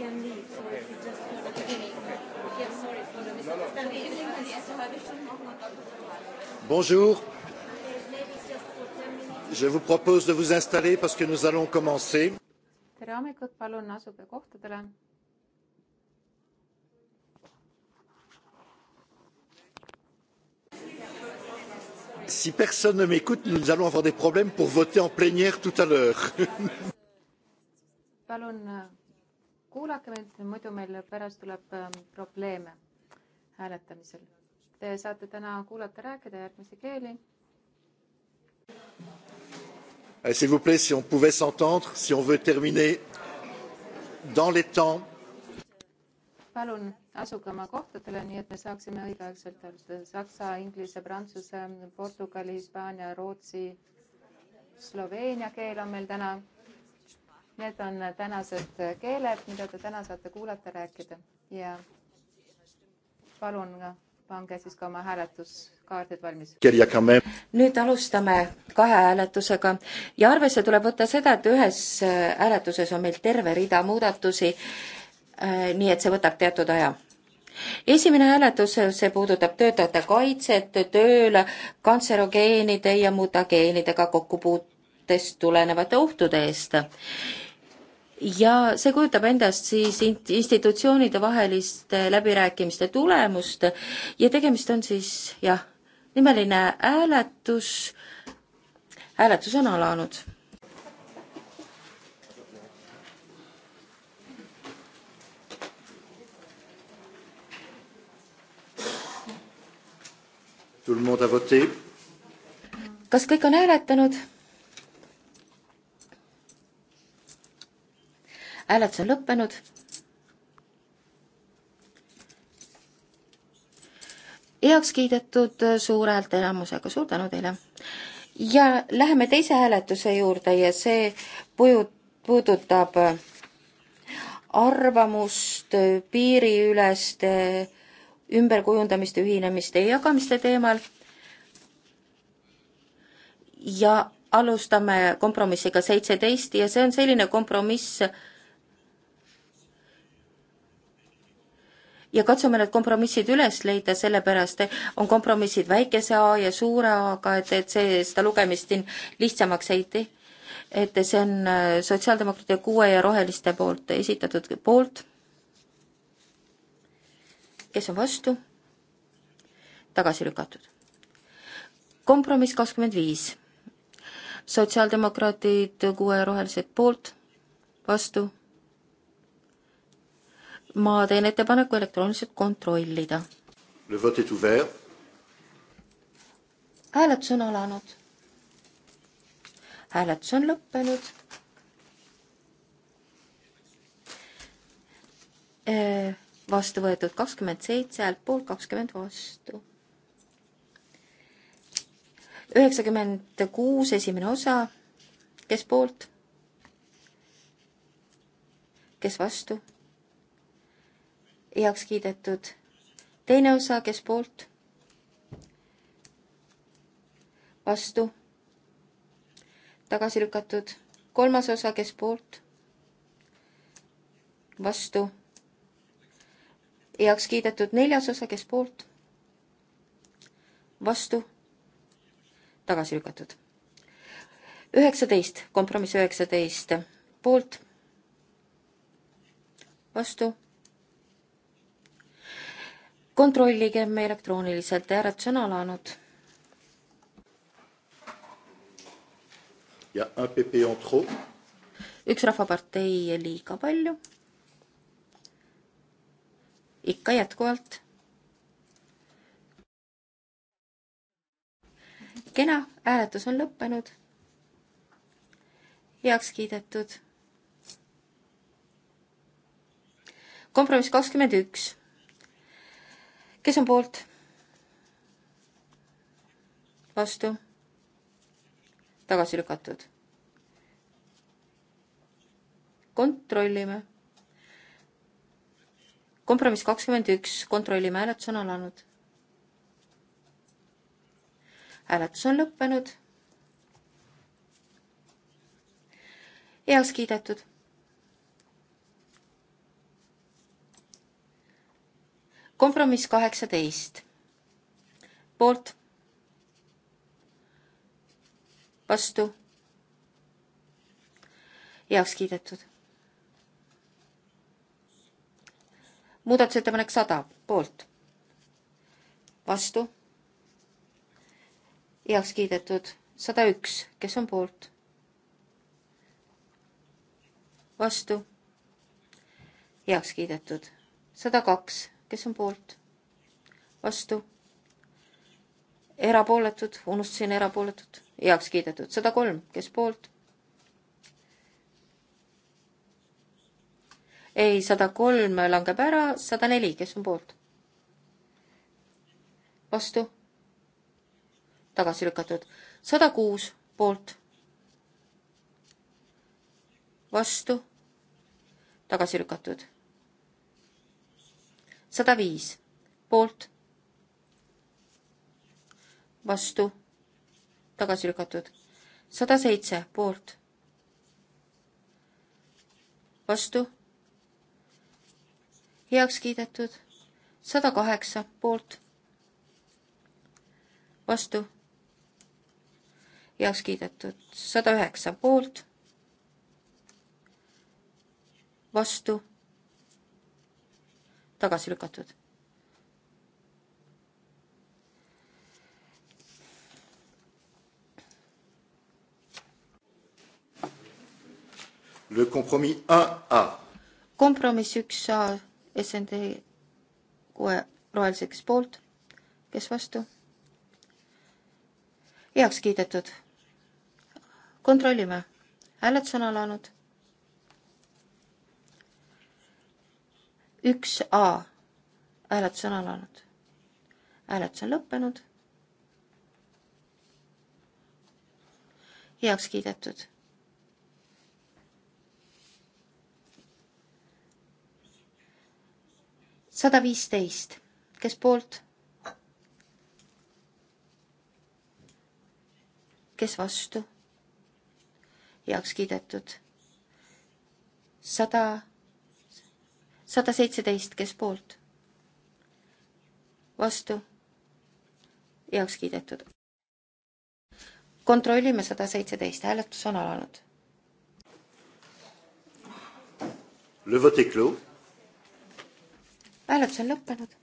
can leave, or if you just have a beginning. Okay, I'm sorry for the misunderstanding. Bonjour. Je vous propose de vous installer parce que nous allons commencer. tere hommikut, palun asuge kohtadele. si personne ne m'écoute, nous allons avoir des problèmes pour voter en plénière tout à l'heure. kuulake mind, muidu meil pärast tuleb ähm, probleeme hääletamisel. Te saate täna kuulata, rääkida järgmisi keeli. Eh, s'il vous plaît, si on pouvait s'entendre, si on veut terminer dans les temps. palun asuge oma kohtadele, nii et me saaksime õigeaegselt alustada saksa, inglise, prantsuse, portugali, hispaania, rootsi, sloveenia keel on meil täna Need on tänased keeled, mida te täna saate kuulata, rääkida ja palun pange siis ka oma hääletuskaardid valmis. nüüd alustame kahe hääletusega ja arvesse tuleb võtta seda, et ühes hääletuses on meil terve rida muudatusi. Äh, nii et see võtab teatud aja. esimene hääletus, see puudutab töötajate kaitset tööl kantserogeenide ja mutageenidega kokkupuutest tulenevate ohtude eest ja see kujutab endast siis institutsioonide vaheliste läbirääkimiste tulemust ja tegemist on siis jah, nimeline hääletus, hääletus on alanud Tout le monde a voté. kas kõik on hääletanud? hääletus on lõppenud. heaks kiidetud suure häälteenamusega, suur tänu teile. ja läheme teise hääletuse juurde ja see puju-, puudutab arvamust piiriüleste ümberkujundamiste, ühinemiste ja jagamiste teemal. ja alustame kompromissiga seitseteist ja see on selline kompromiss, ja katsume need kompromissid üles leida, sellepärast on kompromissid väikese A ja suure A-ga, et, et see, seda lugemist siin lihtsamaks ei tee. et see on äh, Sotsiaaldemokraatide kuue ja Roheliste poolt esitatud poolt. kes on vastu? tagasi lükatud. kompromiss kakskümmend viis. sotsiaaldemokraatid, kuue ja rohelised poolt, vastu ma teen ettepaneku elektrooniliselt kontrollida. hääletus on alanud. hääletus on lõppenud. Äh, vastu võetud kakskümmend seitse häält poolt, kakskümmend vastu. üheksakümmend kuus, esimene osa. kes poolt? kes vastu? heaks kiidetud. teine osa, kes poolt? vastu. tagasi lükatud. kolmas osa, kes poolt? vastu. heaks kiidetud. neljas osa, kes poolt? vastu. tagasi lükatud. üheksateist, kompromiss üheksateist, poolt. vastu kontrolligem elektrooniliselt, hääletus on alanud. üks rahvapartei liiga palju. ikka jätkuvalt. kena, hääletus on lõppenud. heaks kiidetud. kompromiss kakskümmend üks kes on poolt? vastu? tagasi lükatud. kontrollime. kompromiss kakskümmend üks, kontrollime, hääletus on alanud. hääletus on lõppenud. heaks kiidetud kompromiss kaheksateist, poolt, vastu, heaks kiidetud. muudatusettepanek sada, poolt, vastu, heaks kiidetud, sada üks, kes on poolt? vastu, heaks kiidetud, sada kaks kes on poolt? vastu? erapooletud, unustasin erapooletud, heaks kiidetud, sada kolm, kes poolt? ei, sada kolm langeb ära, sada neli, kes on poolt? vastu? tagasi lükatud, sada kuus poolt. vastu? tagasi lükatud, sada viis poolt, vastu, tagasi lükatud, sada seitse poolt, vastu, heaks kiidetud, sada kaheksa poolt, vastu, heaks kiidetud, sada üheksa poolt, vastu tagasi lükatud. Le compromis 1A. kompromiss 1A SND kohe roheliseks poolt, kes vastu? heaks kiidetud. kontrollime, hääletus on alanud üks A. hääletus on alanud. hääletus on lõppenud. heaks kiidetud. sada viisteist, kes poolt? kes vastu? heaks kiidetud. sada sada seitseteist, kes poolt? vastu? heaks kiidetud. kontrollime sada seitseteist, hääletus on alanud. hääletus on lõppenud.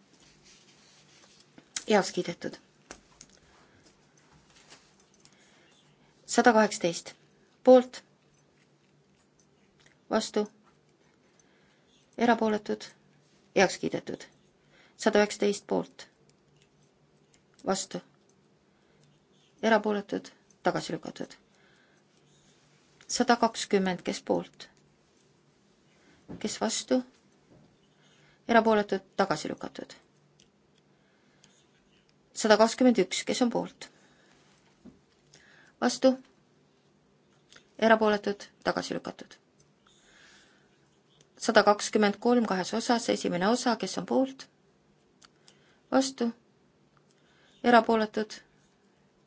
heaks kiidetud. sada kaheksateist poolt, vastu erapooletud, heaks kiidetud. sada üheksateist poolt, vastu, erapooletud, tagasi lükatud. sada kakskümmend, kes poolt, kes vastu, erapooletud, tagasi lükatud. sada kakskümmend üks, kes on poolt, vastu, erapooletud, tagasi lükatud sada kakskümmend kolm kahes osas, esimene osa, kes on poolt, vastu, erapooletud,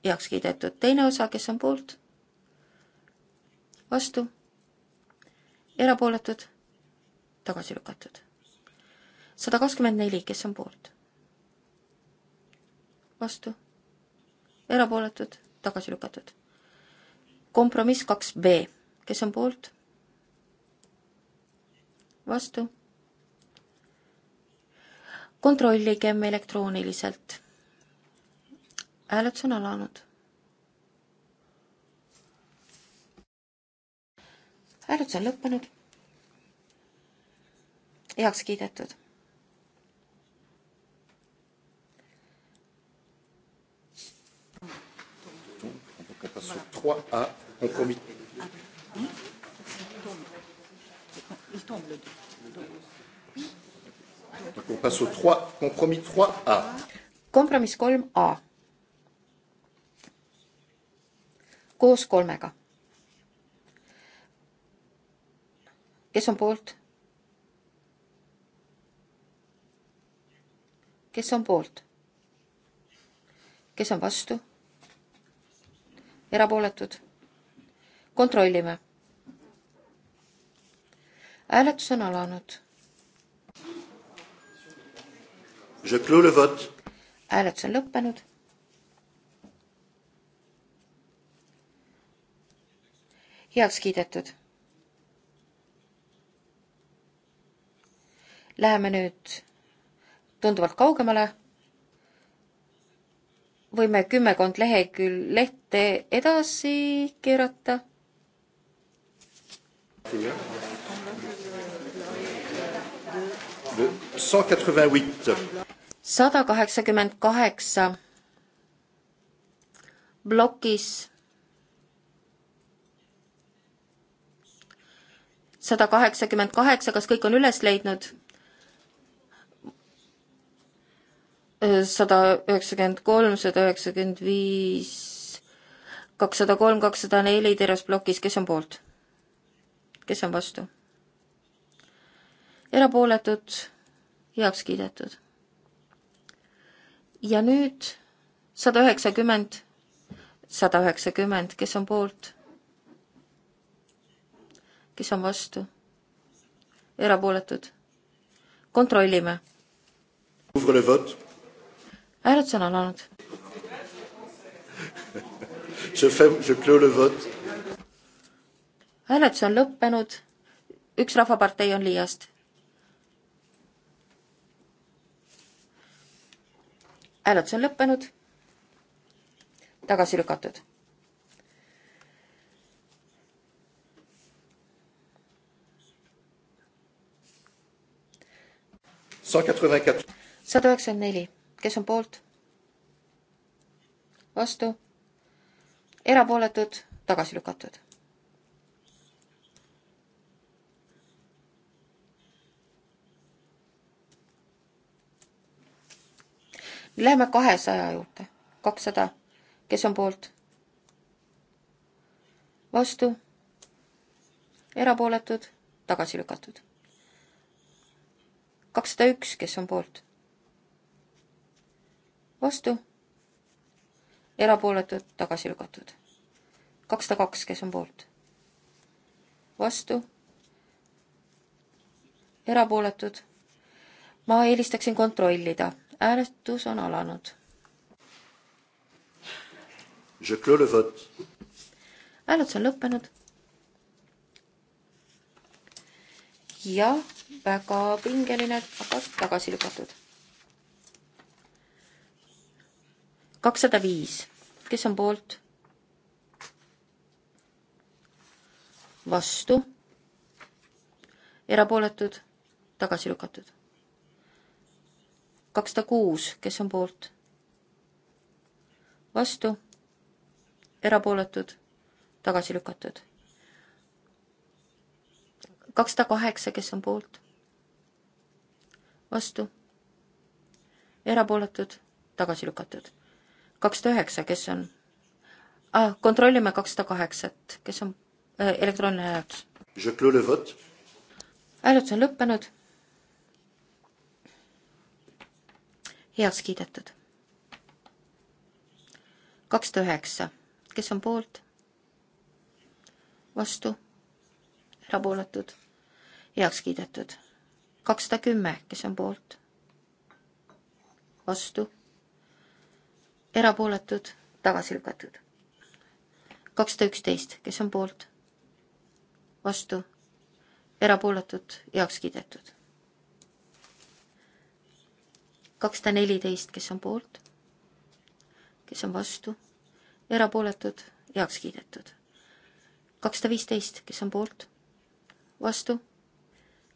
heaks kiidetud, teine osa, kes on poolt, vastu, erapooletud, tagasi lükatud. sada kakskümmend neli, kes on poolt, vastu, erapooletud, tagasi lükatud. kompromiss kaks B, kes on poolt vastu. kontrolligem elektrooniliselt. hääletus on alanud. hääletus on lõppenud. heaks kiidetud. Donc on peut passer au 3A compromis. Ah, oui. Il tombe le 2. Oui. Donc on passe au 3, compromis 3A. Kompromiss 3A. koos kolmega. kes on poolt? kes on poolt? kes on vastu? erapooletud? kontrollime hääletus on alanud. hääletus on lõppenud. heaks kiidetud. Läheme nüüd tunduvalt kaugemale võime kümmekond lehekülg lehte edasi keerata sada kaheksakümmend kaheksa plokis sada kaheksakümmend kaheksa, kas kõik on üles leidnud? sada üheksakümmend kolm, sada üheksakümmend viis, kakssada kolm, kakssada neli terves plokis, kes on poolt? kes on vastu? erapooletud, heaks kiidetud. ja nüüd sada üheksakümmend, sada üheksakümmend, kes on poolt? kes on vastu? erapooletud? kontrollime. hääletus on alanud. hääletus on lõppenud. üks Rahvapartei on liiast hääletus on lõppenud, tagasi lükatud. sada üheksakümmend neli, kes on poolt? vastu? erapooletud, tagasi lükatud nüüd läheme kahesaja juurde, kakssada, kes on poolt? vastu, erapooletud, tagasi lükatud. kakssada üks, kes on poolt? vastu, erapooletud, tagasi lükatud. kakssada kaks, kes on poolt? vastu, erapooletud. ma eelistaksin kontrollida hääletus on alanud. hääletus on lõppenud. ja väga pingeline, aga tagasi lükatud. kakssada viis, kes on poolt? vastu, erapooletud, tagasi lükatud kakssada kuus, kes on poolt? vastu, erapooletud, tagasi lükatud. kakssada kaheksa, kes on poolt? vastu, erapooletud, tagasi lükatud. kakssada üheksa, kes on ah,? kontrollime kakssada kaheksat, kes on äh, elektrooniline hääletus. hääletus on lõppenud heaks kiidetud. kakssada üheksa, kes on poolt? vastu? erapooletud? heaks kiidetud. kakssada kümme, kes on poolt? vastu? erapooletud? tagasi lükatud. kakssada üksteist, kes on poolt? vastu? erapooletud? heaks kiidetud kakssada neliteist, kes on poolt, kes on vastu, erapooletud, heaks kiidetud. kakssada viisteist, kes on poolt, vastu,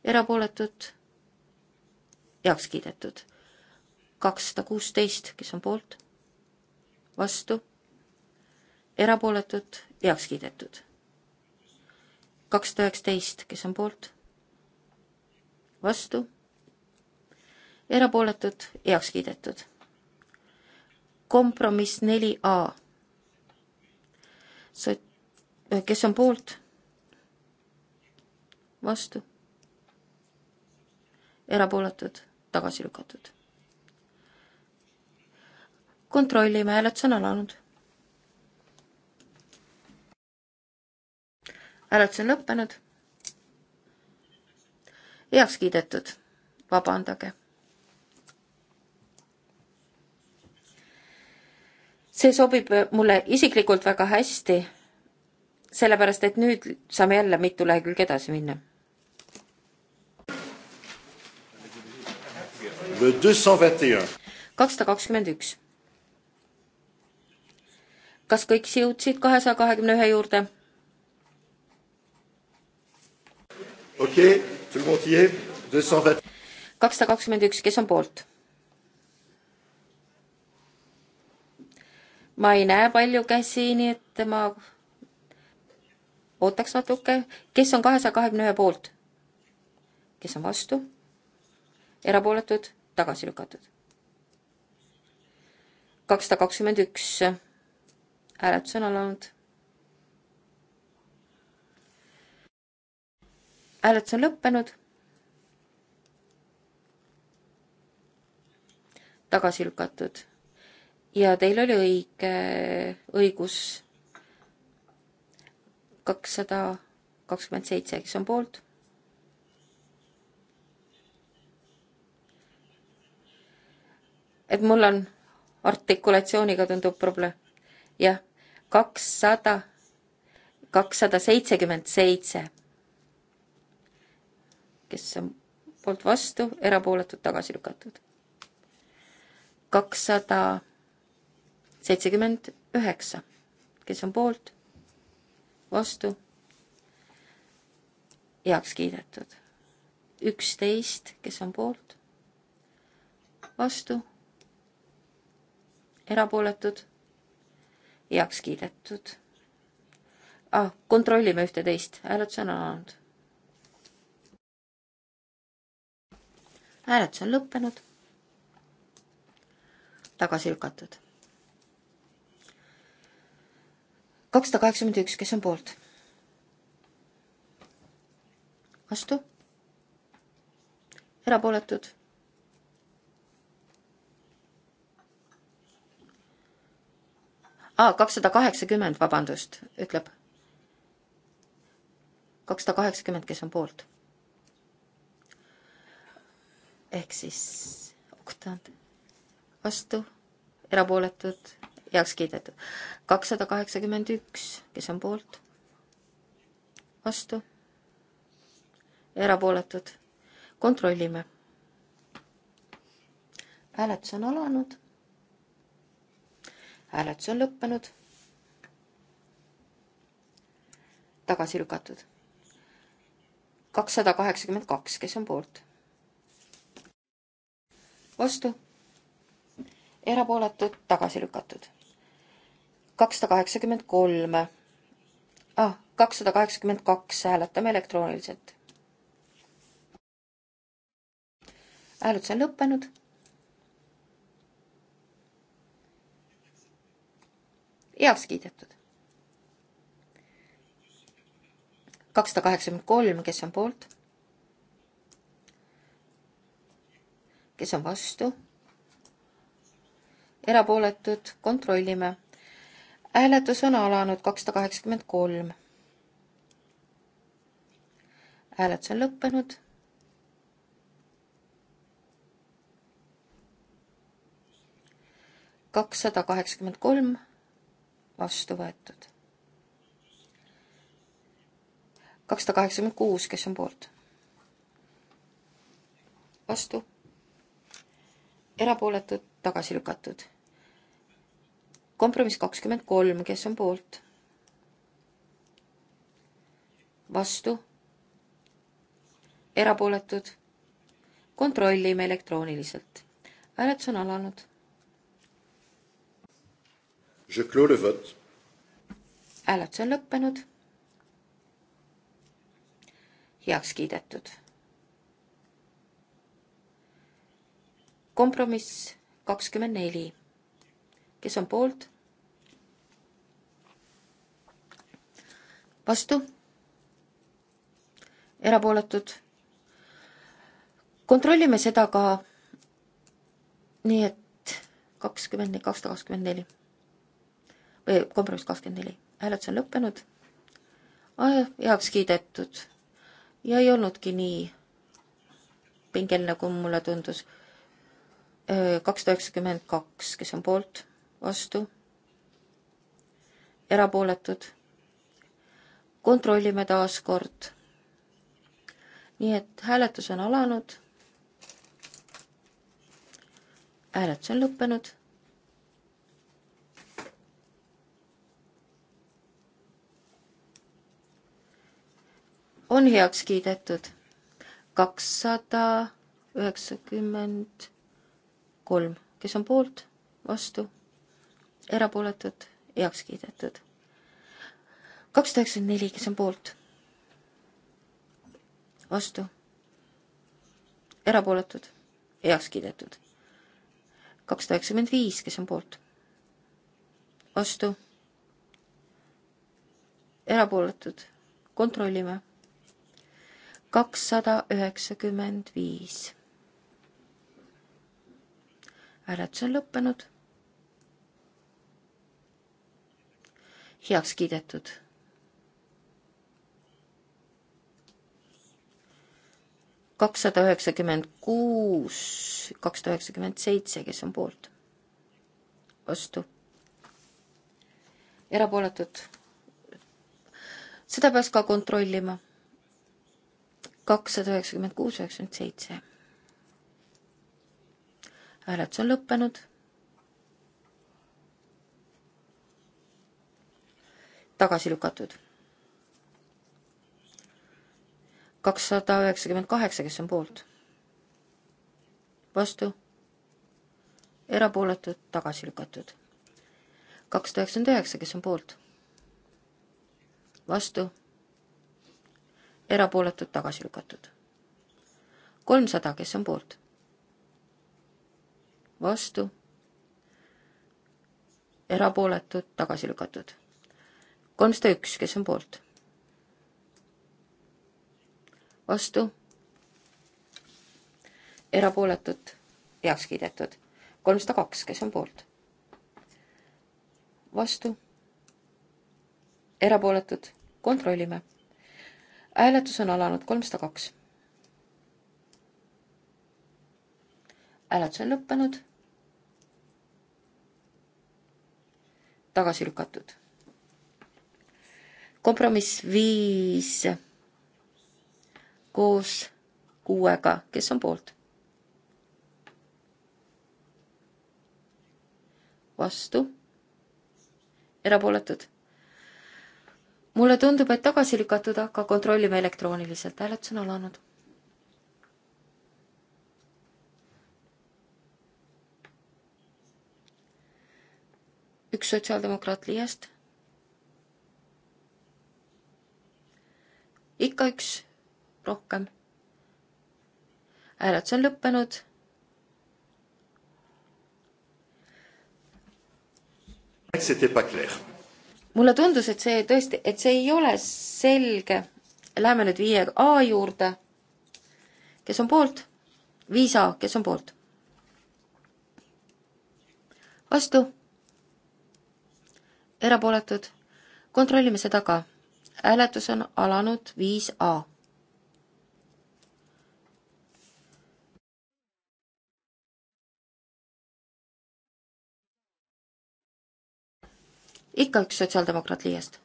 erapooletud, heaks kiidetud. kakssada kuusteist, kes on poolt, vastu, erapooletud, heaks kiidetud. kakssada üheksateist, kes on poolt, vastu erapooletud, heaks kiidetud. kompromiss neli A. Äh, kes on poolt? vastu? erapooletud, tagasi lükatud. kontrollime, hääletus on alanud. hääletus on lõppenud. heaks kiidetud, vabandage see sobib äh, mulle isiklikult väga hästi, sellepärast et nüüd saame jälle mitu lehekülge edasi minna. kakssada kakskümmend üks. kas kõik jõudsid kahesaja kahekümne ühe juurde? okei okay,, kakssada kakskümmend üks, kes on poolt? ma ei näe palju käsi, nii et ma ootaks natuke. kes on kahesaja kahekümne ühe poolt? kes on vastu? erapooletud, tagasi lükatud. kakssada kakskümmend üks hääletus on alanud. hääletus on lõppenud. tagasi lükatud ja teil oli õige, õigus kakssada kakskümmend seitse, kes on poolt? et mul on artikulatsiooniga tundub probleem. jah, kakssada, kakssada seitsekümmend seitse. kes on poolt vastu, erapooletud, tagasi lükatud. kakssada 200 seitsekümmend üheksa, kes on poolt, vastu, heaks kiidetud. üksteist, kes on poolt, vastu, erapooletud, heaks kiidetud. ah, kontrollime ühteteist, hääletus on alanud. hääletus on lõppenud tagasi lükatud. kakssada kaheksakümmend üks, kes on poolt? vastu? erapooletud? kakssada kaheksakümmend, vabandust, ütleb. kakssada kaheksakümmend, kes on poolt. ehk siis oktand vastu, erapooletud heaks kiidetud. kakssada kaheksakümmend üks, kes on poolt? vastu? erapooletud? kontrollime. hääletus on alanud. hääletus on lõppenud. tagasi lükatud. kakssada kaheksakümmend kaks, kes on poolt? vastu, erapooletud, tagasi lükatud kakssada kaheksakümmend kolm. ah, kakssada kaheksakümmend kaks, hääletame elektrooniliselt. hääletus on lõppenud. heaks kiidetud. kakssada kaheksakümmend kolm, kes on poolt? kes on vastu? erapooletud, kontrollime hääletus on alanud kakssada kaheksakümmend kolm. hääletus on lõppenud. kakssada kaheksakümmend kolm vastu võetud. kakssada kaheksakümmend kuus, kes on poolt? vastu. erapooletud, tagasi lükatud kompromiss kakskümmend kolm, kes on poolt? vastu? erapooletud? kontrollime elektrooniliselt. hääletus on alanud. hääletus on lõppenud. heaks kiidetud. kompromiss kakskümmend neli kes on poolt? vastu? erapooletud? kontrollime seda ka nii, et kakskümmend, kakssada kakskümmend neli või kompromiss kakskümmend neli, hääletus on lõppenud ah,, heaks kiidetud ja ei olnudki nii pingel, nagu mulle tundus kakssada üheksakümmend kaks, kes on poolt vastu, erapooletud. kontrollime taas kord. nii et hääletus on alanud. hääletus on lõppenud on heaks kiidetud. kakssada üheksakümmend kolm, kes on poolt, vastu, erapooletud, heaks kiidetud. kakssada üheksakümmend neli, kes on poolt? vastu? erapooletud, heaks kiidetud. kakssada üheksakümmend viis, kes on poolt? vastu? erapooletud, kontrollime. kakssada üheksakümmend viis hääletus on lõppenud heaks kiidetud. kakssada üheksakümmend kuus, kakssada üheksakümmend seitse, kes on poolt? vastu. erapooletud. seda peaks ka kontrollima. kakssada üheksakümmend kuus, üheksakümmend seitse. hääletus on lõppenud tagasi lükatud. kakssada üheksakümmend kaheksa, kes on poolt? vastu? erapooletud, tagasi lükatud. kakssada üheksakümmend üheksa, kes on poolt? vastu? erapooletud, tagasi lükatud. kolmsada, kes on poolt? vastu, erapooletud, tagasi lükatud kolmsada üks, kes on poolt? vastu? erapooletud? heaks kiidetud. kolmsada kaks, kes on poolt? vastu? erapooletud? kontrollime. hääletus on alanud kolmsada kaks. hääletus on lõppenud. tagasi lükatud kompromiss viis koos kuuega, kes on poolt? vastu? erapooletud? mulle tundub, et tagasi lükatud, aga kontrollime elektrooniliselt, hääletus on alanud. üks sotsiaaldemokraat Liiast ikka üks rohkem. hääletus on lõppenud. mulle tundus, et see tõesti, et see ei ole selge. Läheme nüüd viie A juurde. kes on poolt? viis A, kes on poolt? vastu erapooletud. kontrollime seda ka hääletus on alanud viis A. ikka üks sotsiaaldemokraat liiast.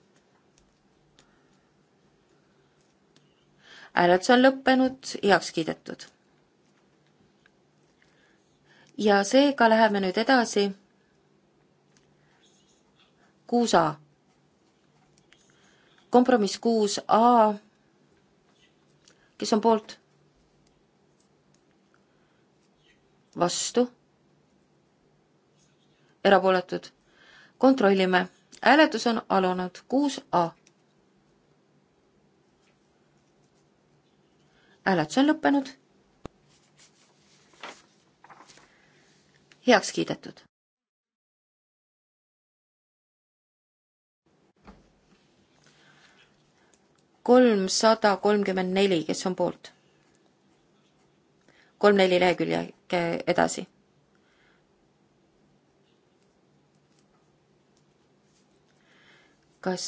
hääletus on lõppenud, heaks kiidetud. ja seega läheme nüüd edasi. kuus A kompromiss kuus A, kes on poolt? vastu? erapooletud? kontrollime, hääletus on alanud, kuus A. hääletus on lõppenud. heaks kiidetud. kolmsada kolmkümmend neli, kes on poolt? kolm-neli lehekülje edasi. kas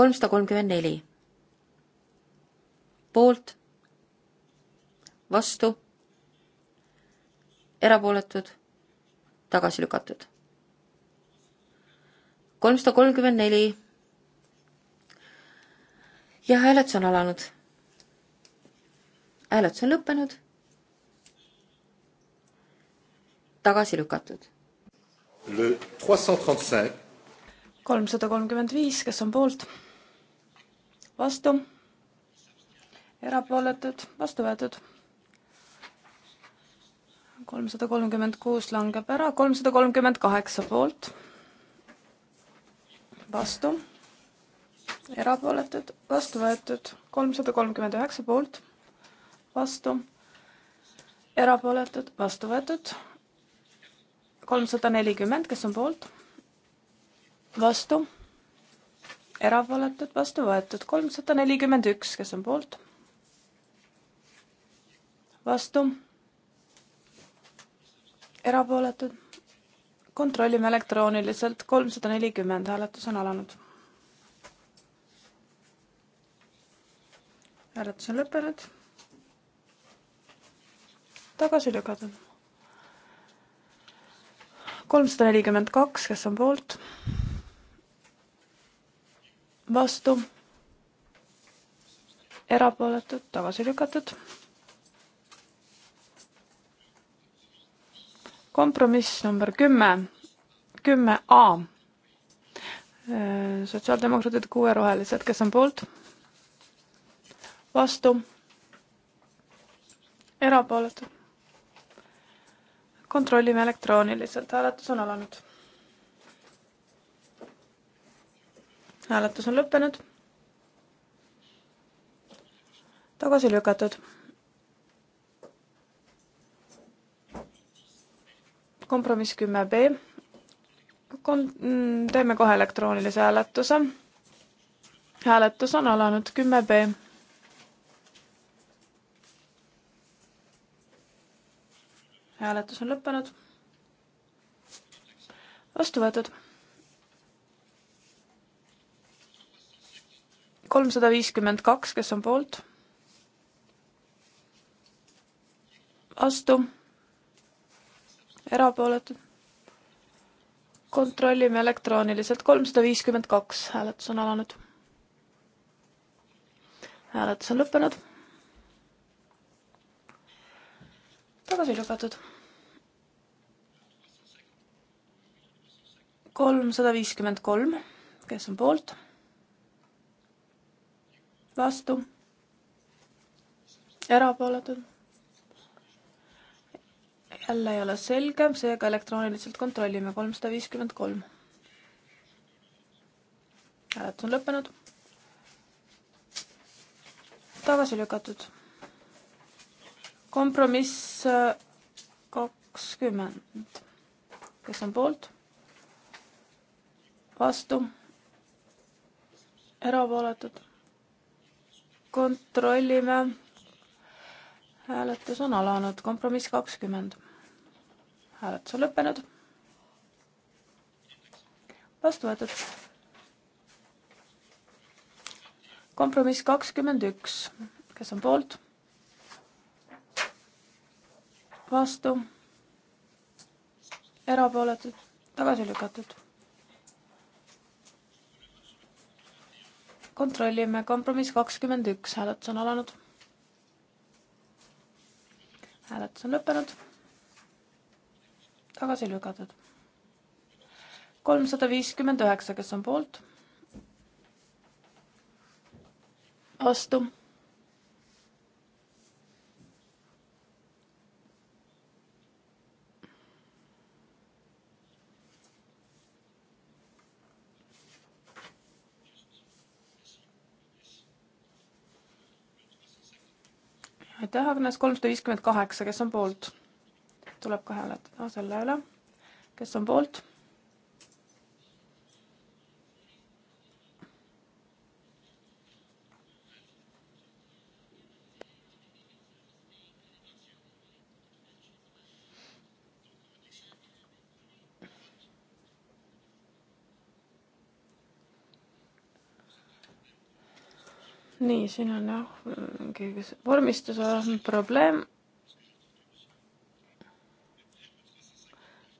kolmsada kolmkümmend neli poolt, vastu, erapooletud, tagasi lükatud. kolmsada kolmkümmend neli ja hääletus on alanud. hääletus on lõppenud. tagasi lükatud. kolmsada kolmkümmend viis, kes on poolt? vastu? erapooletud, vastu võetud kolmsada kolmkümmend kuus langeb ära, kolmsada kolmkümmend kaheksa poolt, vastu erapooletud, vastu võetud kolmsada kolmkümmend üheksa poolt, vastu, erapooletud, vastu võetud kolmsada nelikümmend, kes on poolt, vastu, erapooletud, vastu võetud kolmsada nelikümmend üks, kes on poolt, vastu, erapooletud, kontrollime elektrooniliselt, kolmsada nelikümmend, hääletus on alanud hääletus on lõppenud. tagasi lükatud. kolmsada nelikümmend kaks, kes on poolt? vastu? erapooletud, tagasi lükatud. kompromiss number kümme, kümme A. sotsiaaldemokraadid, kuue rohelised, kes on poolt? vastu, erapooletud. kontrollime elektrooniliselt, hääletus on alanud. hääletus on lõppenud. tagasi lükatud. kompromiss kümme B kon-, mm, teeme kohe elektroonilise hääletuse. hääletus on alanud, kümme B. hääletus on lõppenud. vastu võetud. kolmsada viiskümmend kaks, kes on poolt? vastu. erapooletud. kontrollime elektrooniliselt, kolmsada viiskümmend kaks, hääletus on alanud. hääletus on lõppenud tagasi lükatud kolmsada viiskümmend kolm, kes on poolt? vastu? erapooletud? jälle ei ole selge, seega elektrooniliselt kontrollime, kolmsada viiskümmend kolm. hääletus on lõppenud. tagasi lükatud. kompromiss äh, kakskümmend. kes on poolt? vastu, erapooletud. kontrollime. hääletus on alanud, kompromiss kakskümmend. hääletus on lõppenud. vastu võetud. kompromiss kakskümmend üks, kes on poolt? vastu, erapooletud, tagasi lükatud kontrollime, kompromiss kakskümmend üks, hääletus on alanud. hääletus on lõppenud. tagasi lükatud. kolmsada viiskümmend üheksa, kes on poolt? vastu hääletamata Agnes, kolmsada viiskümmend kaheksa, kes on poolt? tuleb ka hääletada selle üle, kes on poolt nii, siin on jah, vormistuse probleem.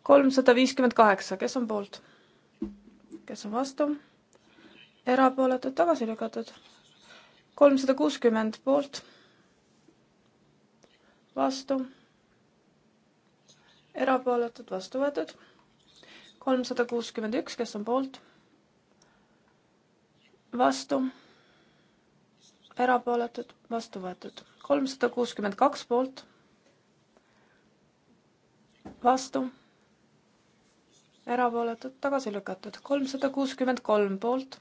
kolmsada viiskümmend kaheksa, kes on poolt? kes on vastu? erapooletud, tagasi lükatud. kolmsada kuuskümmend poolt. vastu. erapooletud, vastu võetud. kolmsada kuuskümmend üks, kes on poolt? vastu erapooletud, vastu võetud. kolmsada kuuskümmend kaks poolt, vastu, erapooletud, tagasi lükatud. kolmsada kuuskümmend kolm poolt,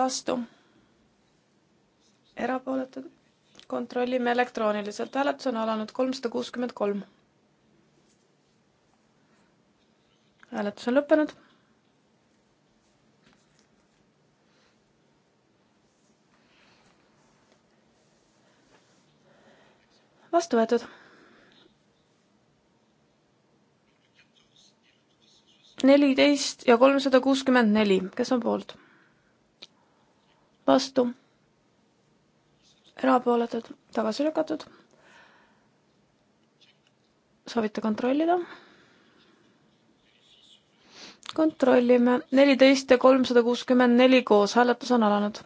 vastu, erapooletud. kontrollime elektrooniliselt, hääletus on alanud kolmsada kuuskümmend kolm. hääletus on lõppenud vastu võetud. neliteist ja kolmsada kuuskümmend neli, kes on poolt? vastu. erapooletud, tagasi lükatud. soovite kontrollida? kontrollime, neliteist ja kolmsada kuuskümmend neli koos, hääletus on alanud.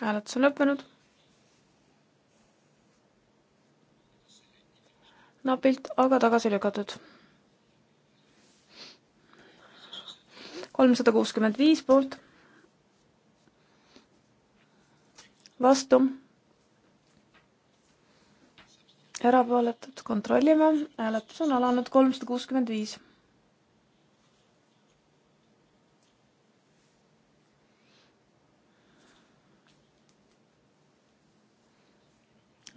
hääletus on lõppenud napilt, aga tagasi lükatud. kolmsada kuuskümmend viis poolt. vastu. erapooletud, kontrollime, hääletus on alanud kolmsada kuuskümmend viis.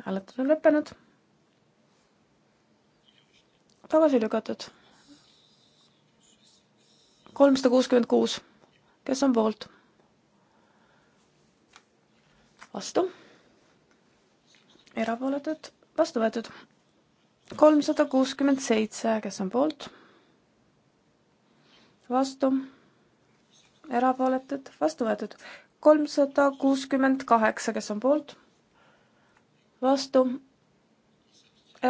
hääletus on lõppenud tagasi lükatud. kolmsada kuuskümmend kuus, kes on poolt? vastu. erapooletud, vastu võetud. kolmsada kuuskümmend seitse, kes on poolt? vastu. erapooletud, vastu võetud. kolmsada kuuskümmend kaheksa, kes on poolt? vastu.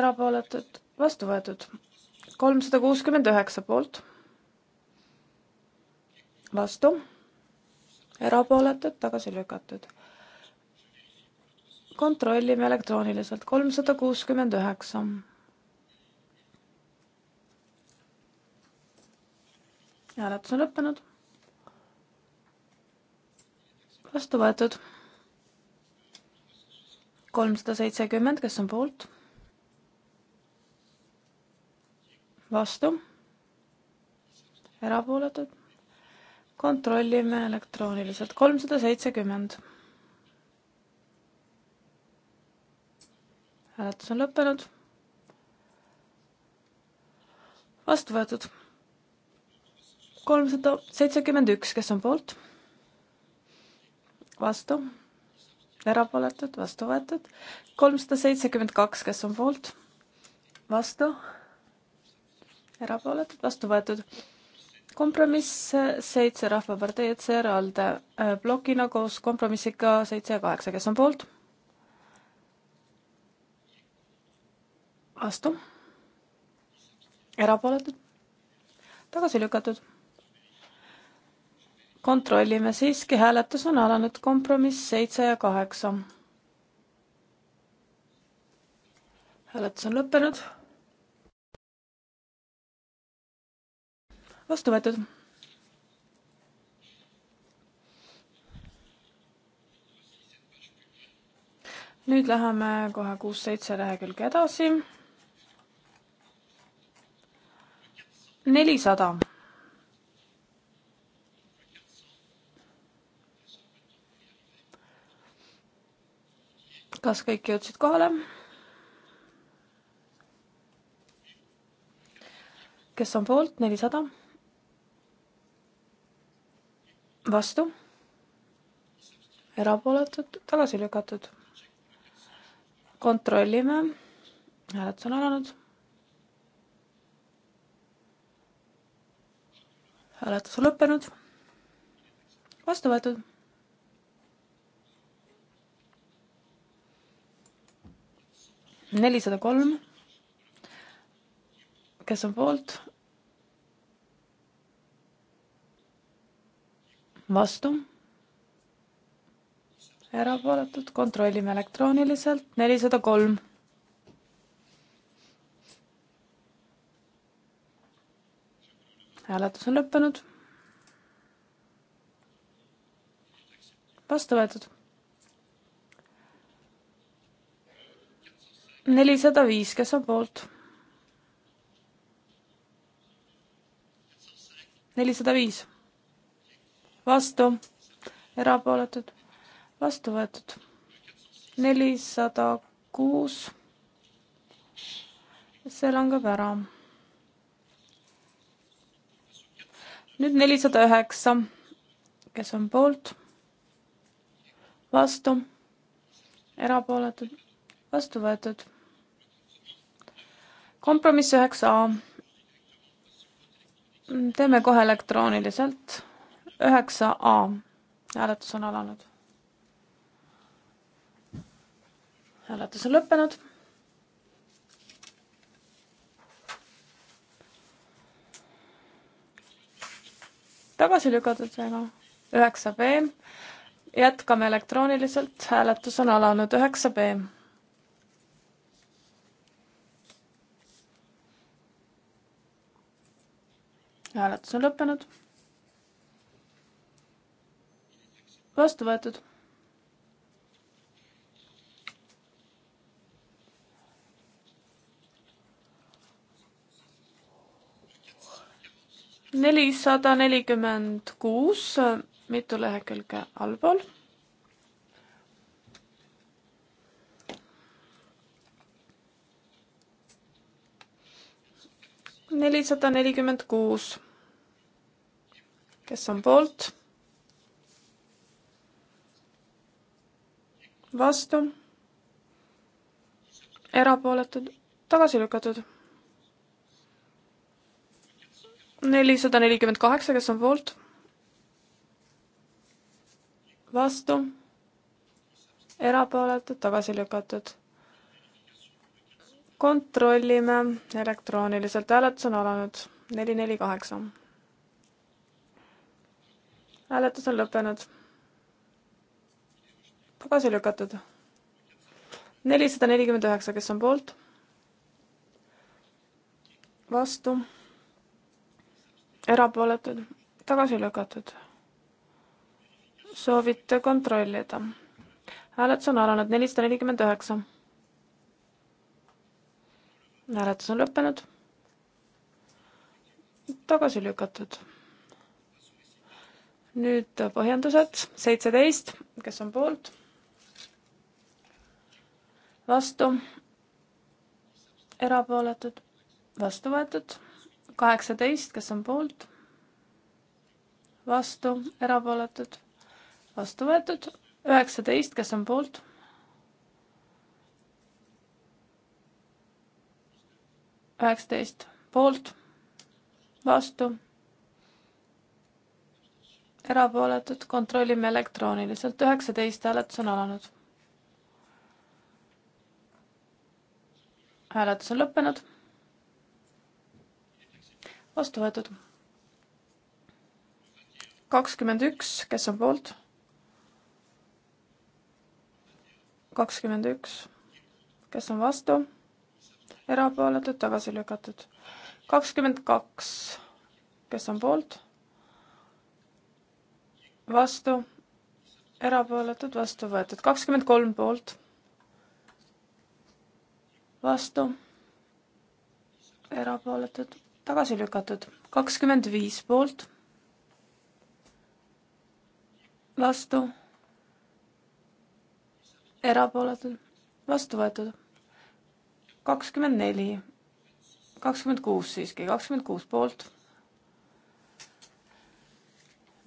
erapooletud, vastu võetud kolmsada kuuskümmend üheksa poolt, vastu, erapooletud, tagasi lükatud. kontrollime elektrooniliselt, kolmsada kuuskümmend üheksa. hääletus on lõppenud. vastu võetud. kolmsada seitsekümmend, kes on poolt vastu, erapooletud. kontrollime elektrooniliselt, kolmsada seitsekümmend. hääletus on lõppenud. vastu võetud kolmsada seitsekümmend üks, kes on poolt? vastu, erapooletud, vastu võetud. kolmsada seitsekümmend kaks, kes on poolt? vastu erapooletud, vastu võetud. kompromiss seitse Rahvapartei, ECR, ALDE äh, plokina koos kompromissiga seitse ja kaheksa, kes on poolt? vastu? erapooletud? tagasi lükatud? kontrollime siiski, hääletus on alanud, kompromiss seitse ja kaheksa. hääletus on lõppenud vastu võetud. nüüd läheme kohe kuus-seitse lehekülge edasi. nelisada. kas kõik jõudsid kohale? kes on poolt, nelisada vastu, erapooletud, tagasi lükatud. kontrollime, hääletus on alanud. hääletus on lõppenud, vastu võetud nelisada kolm. kes on poolt, vastu, erapooletud, kontrollime elektrooniliselt, nelisada kolm. hääletus on lõppenud. vastu võetud. nelisada viis, kes on poolt? nelisada viis vastu, erapooletud, vastu võetud. nelisada kuus. see langeb ära. nüüd nelisada üheksa, kes on poolt, vastu, erapooletud, vastu võetud. kompromiss üheksa A. teeme kohe elektrooniliselt üheksa A hääletus on alanud. hääletus on lõppenud. tagasi lükatud väga. üheksa B. jätkame elektrooniliselt, hääletus on alanud, üheksa B. hääletus on lõppenud vastu võetud. nelisada nelikümmend kuus, mitu lehekülge allpool nelisada nelikümmend kuus. kes on poolt? vastu, erapooletud, tagasi lükatud. nelisada nelikümmend kaheksa, kes on poolt, vastu, erapooletud, tagasi lükatud. kontrollime elektrooniliselt, hääletus on alanud, neli, neli, kaheksa. hääletus on lõppenud tagasi lükatud. nelisada nelikümmend üheksa, kes on poolt? vastu. erapooletud, tagasi lükatud. soovite kontrollida? hääletus on alanud nelisada nelikümmend üheksa. hääletus on lõppenud. tagasi lükatud nüüd põhjendused, seitseteist, kes on poolt? vastu, erapooletud, vastu võetud, kaheksateist, kes on poolt, vastu, erapooletud, vastu võetud, üheksateist, kes on poolt, üheksateist, poolt, vastu, erapooletud, kontrollime elektrooniliselt, üheksateist hääletus on alanud hääletus on lõppenud. vastu võetud. kakskümmend üks, kes on poolt? kakskümmend üks, kes on vastu? erapooletud, tagasi lükatud. kakskümmend kaks, kes on poolt? vastu, erapooletud, vastu võetud, kakskümmend kolm poolt vastu, erapooletud, tagasi lükatud, kakskümmend viis poolt, vastu, erapooletud, vastu võetud, kakskümmend neli, kakskümmend kuus siiski, kakskümmend kuus poolt,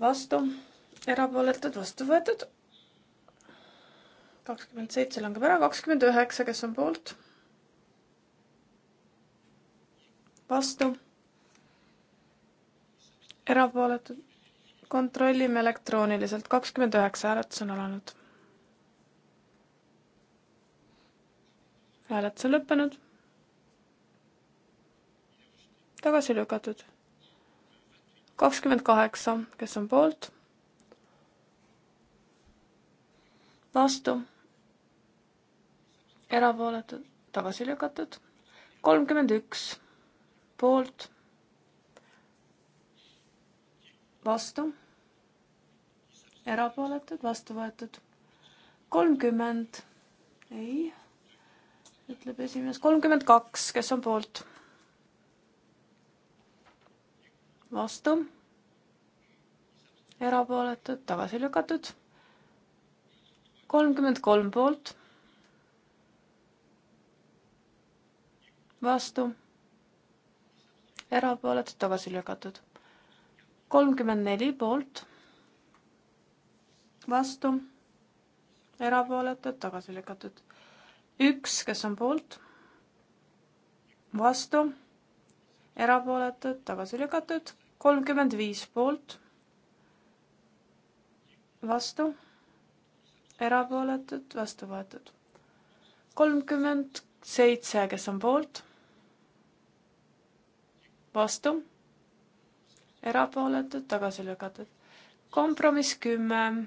vastu, erapooletud, vastu võetud kakskümmend seitse langeb ära, kakskümmend üheksa, kes on poolt? vastu, erapooletud, kontrollime elektrooniliselt, kakskümmend üheksa hääletus on alanud. hääletus on lõppenud. tagasi lükatud. kakskümmend kaheksa, kes on poolt? vastu erapooletud, tagasi lükatud, kolmkümmend üks poolt, vastu, erapooletud, vastu võetud. kolmkümmend, ei, ütleb esimees, kolmkümmend kaks, kes on poolt? vastu, erapooletud, tagasi lükatud. kolmkümmend kolm poolt vastu erapooletud, tagasi lükatud. kolmkümmend neli poolt, vastu, erapooletud, tagasi lükatud. üks, kes on poolt, vastu, erapooletud, tagasi lükatud. kolmkümmend viis poolt, vastu, erapooletud, vastu võetud. kolmkümmend seitse, kes on poolt vastu, erapooletud, tagasi lükatud. kompromiss kümme,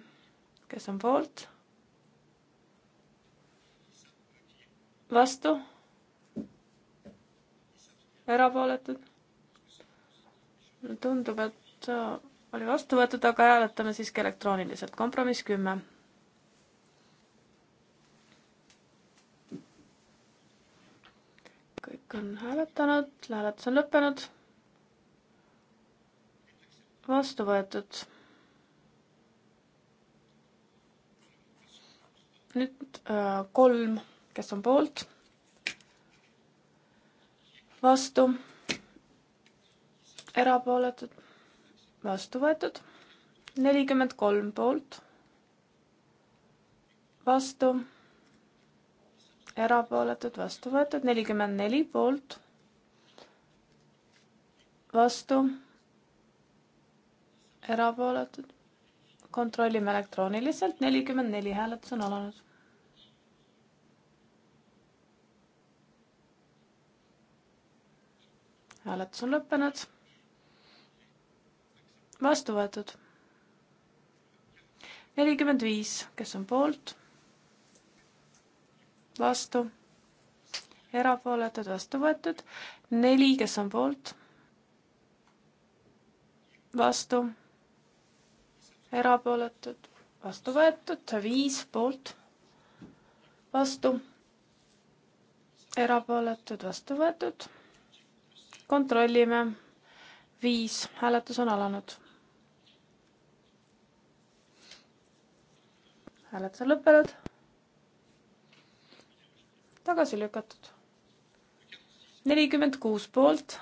kes on poolt? vastu, erapooletud. tundub, et oli vastu võetud, aga hääletame siiski elektrooniliselt. kompromiss kümme. kõik on hääletanud, hääletus on lõppenud vastu võetud. nüüd äh, kolm, kes on poolt, vastu, erapooletud, vastu võetud, nelikümmend kolm poolt, vastu, erapooletud, vastu võetud, nelikümmend neli poolt, vastu erapooletud. kontrollime elektrooniliselt, nelikümmend neli hääletus on alanud. hääletus on lõppenud. vastu võetud. nelikümmend viis, kes on poolt? vastu. erapooletud, vastu võetud. neli, kes on poolt? vastu erapooletud, vastu võetud, viis poolt, vastu, erapooletud, vastu võetud. kontrollime, viis, hääletus on alanud. hääletus on lõppenud. tagasi lükatud. nelikümmend kuus poolt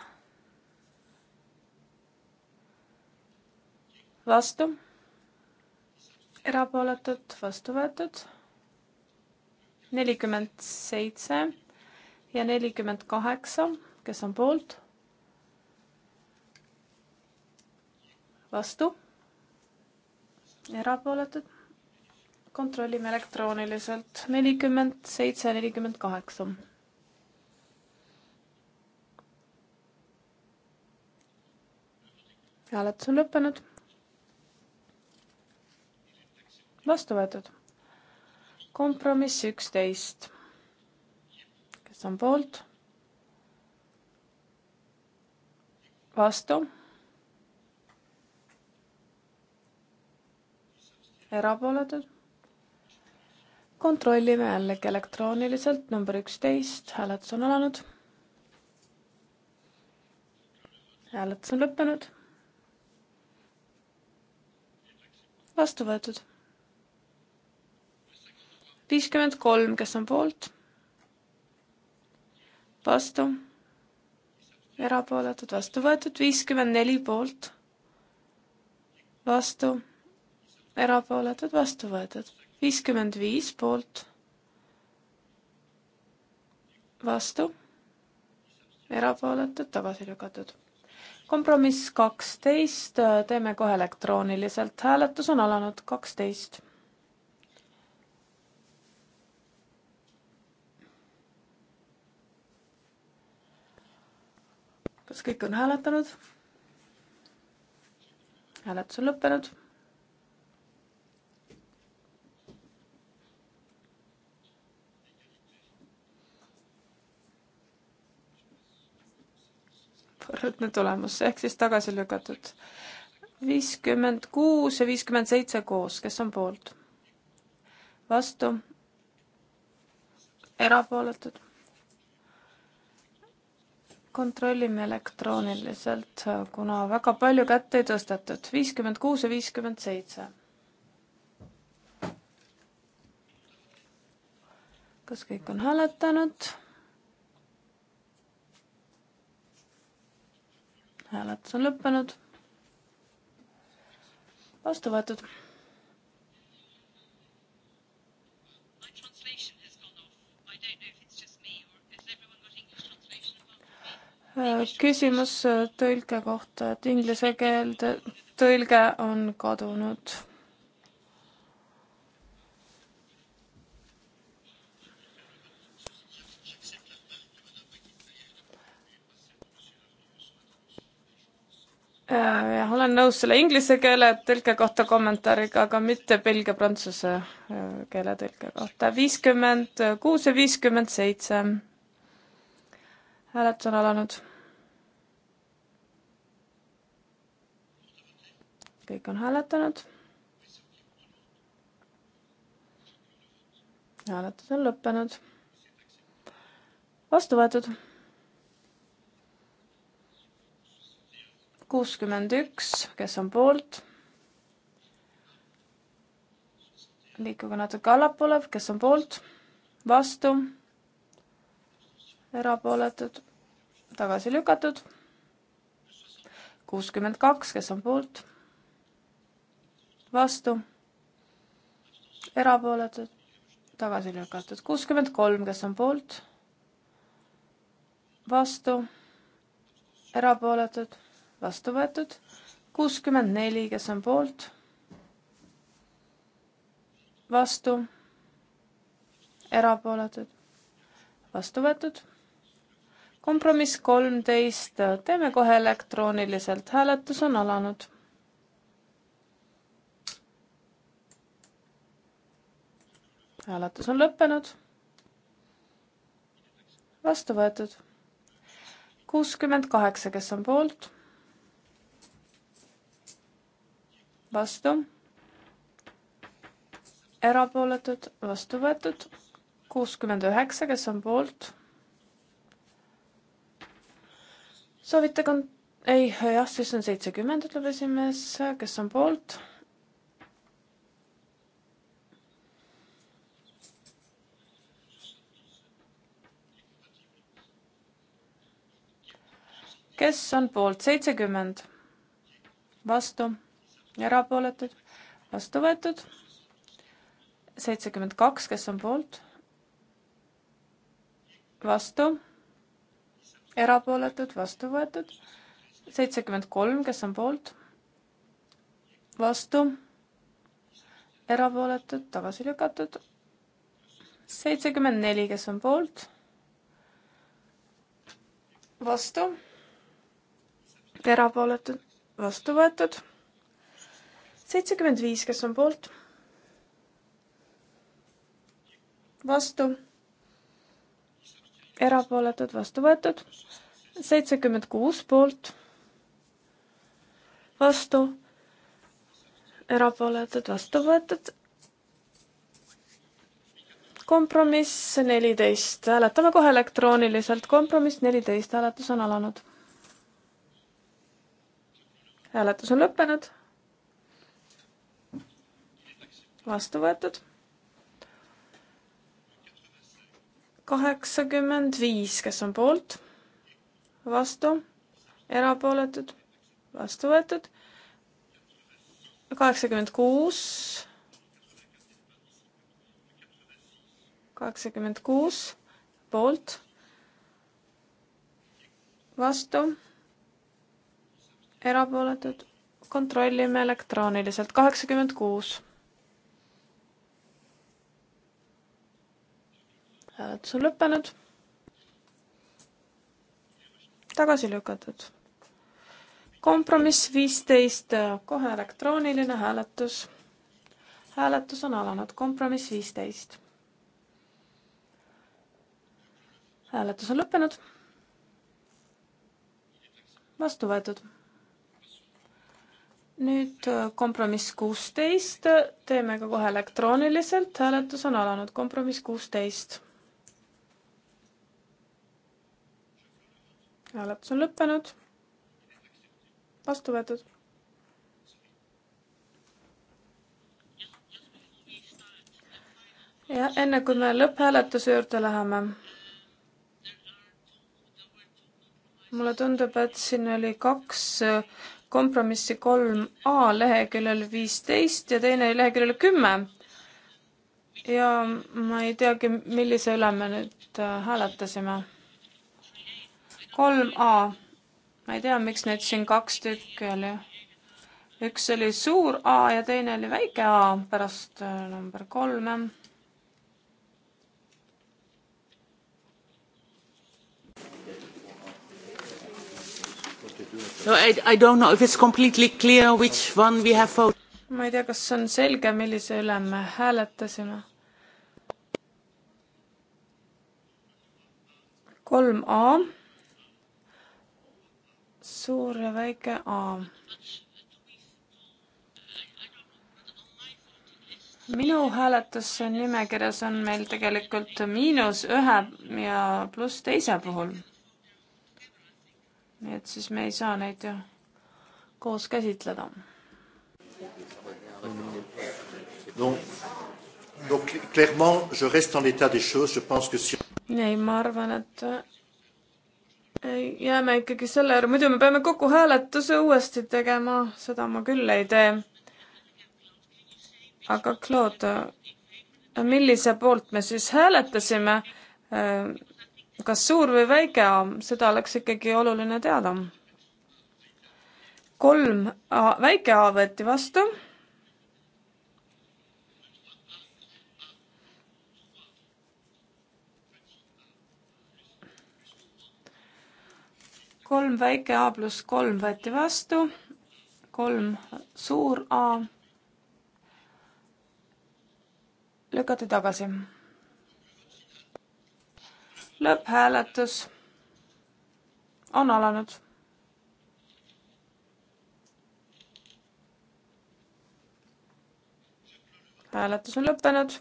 vastu erapooletud, vastu võetud. nelikümmend seitse ja nelikümmend kaheksa, kes on poolt? vastu? erapooletud? kontrollime elektrooniliselt. nelikümmend seitse, nelikümmend kaheksa. hääletus on lõppenud vastu võetud. kompromiss üksteist. kes on poolt? vastu? erapooletud? kontrollime jällegi elektrooniliselt, number üksteist, hääletus on alanud hääletus on lõppenud. vastu võetud viiskümmend kolm, kes on poolt? vastu? erapooletud, vastu võetud, viiskümmend neli poolt. vastu, erapooletud, vastu võetud, viiskümmend viis poolt. vastu, erapooletud, tagasi lükatud. kompromiss kaksteist, teeme kohe elektrooniliselt, hääletus on alanud, kaksteist kas kõik on hääletanud? hääletus on lõppenud. võrdne tulemus ehk siis tagasi lükatud. viiskümmend kuus ja viiskümmend seitse koos, kes on poolt? vastu? erapooletud? kontrollime elektrooniliselt, kuna väga palju kätt ei tõstetud. viiskümmend kuus ja viiskümmend seitse. kas kõik on hääletanud? hääletus on lõppenud. vastu võetud küsimus äh, tõlke kohta, et inglise keelde tõlge on kadunud. Äh, jah, olen nõus selle inglise keele tõlke kohta kommentaariga, aga mitte belgia, prantsuse äh, keele tõlke kohta. viiskümmend kuus ja viiskümmend seitse hääletus on alanud. kõik on hääletanud. hääletus on lõppenud. vastu võetud. kuuskümmend üks, kes on poolt? liikuge natuke allapoole, kes on poolt, vastu erapooletud, tagasi lükatud. kuuskümmend kaks, kes on poolt, vastu, erapooletud, tagasi lükatud. kuuskümmend kolm, kes on poolt, vastu, erapooletud, vastu võetud. kuuskümmend neli, kes on poolt, vastu, erapooletud, vastu võetud kompromiss kolmteist, teeme kohe elektrooniliselt, hääletus on alanud. hääletus on lõppenud. vastu võetud. kuuskümmend kaheksa, kes on poolt? vastu. erapooletud, vastu võetud. kuuskümmend üheksa, kes on poolt? soovite kon-, ei, jah, siis on seitsekümmend, ütleb esimees, kes on poolt? kes on poolt seitsekümmend? vastu, erapooletud, vastu võetud. seitsekümmend kaks, kes on poolt? vastu erapooletud, vastu võetud. seitsekümmend kolm, kes on poolt, vastu, erapooletud, tagasi lükatud. seitsekümmend neli, kes on poolt, vastu, erapooletud, vastu võetud. seitsekümmend viis, kes on poolt, vastu erapooletud, vastu võetud, seitsekümmend kuus poolt, vastu, erapooletud, vastu võetud, kompromiss neliteist, hääletame kohe elektrooniliselt, kompromiss neliteist, hääletus on alanud. hääletus on lõppenud. vastu võetud kaheksakümmend viis, kes on poolt, vastu, erapooletud, vastu võetud. kaheksakümmend kuus, kaheksakümmend kuus poolt, vastu, erapooletud, kontrollime elektrooniliselt, kaheksakümmend kuus hääletus on lõppenud. tagasi lükatud. kompromiss viisteist, kohe elektrooniline hääletus. hääletus on alanud, kompromiss viisteist. hääletus on lõppenud. vastu võetud nüüd äh, kompromiss kuusteist, teeme ka kohe elektrooniliselt, hääletus on alanud, kompromiss kuusteist. hääletus on lõppenud. vastu võetud. ja enne kui me lõpphääletuse juurde läheme, mulle tundub, et siin oli kaks kompromissi kolm A leheküljel viisteist ja teine leheküljel kümme. ja ma ei teagi, millise üle me nüüd hääletasime äh, kolm A. ma ei tea, miks neid siin kaks tükki oli. üks oli suur A ja teine oli väike A pärast äh, number kolme. No I, I don't know if it's completely clear which one we have voted. ma ei tea, kas on selge, millise üle me hääletasime. kolm A suur ja väike A. minu hääletusnimekirjas on meil tegelikult miinus ühe ja pluss teise puhul. nii et siis me ei saa neid ju koos käsitleda. ei, ma arvan, et jääme ikkagi selle juurde, muidu me peame kogu hääletuse uuesti tegema, seda ma küll ei tee. aga Claude, millise poolt me siis hääletasime? Äh, kas suur või väike A, seda oleks ikkagi oluline teada. kolm A, äh, väike A võeti vastu kolm väike A pluss kolm võeti vastu, kolm suur A lükati tagasi. lõpphääletus on alanud. hääletus on lõppenud.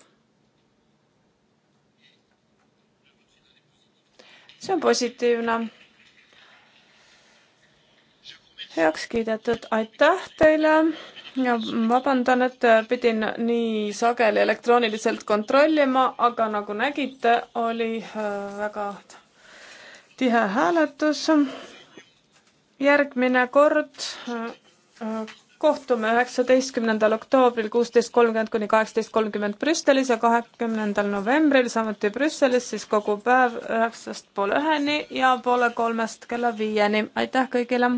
see on positiivne heaks kiidetud, aitäh teile ja vabandan, et pidin nii sageli elektrooniliselt kontrollima, aga nagu nägite, oli äh, väga tihe hääletus. järgmine kord äh, äh, kohtume üheksateistkümnendal oktoobril kuusteist kolmkümmend kuni kaheksateist kolmkümmend Brüsselis ja kahekümnendal novembril samuti Brüsselis, siis kogu päev üheksast poole üheni ja poole kolmest kella viieni. aitäh kõigile!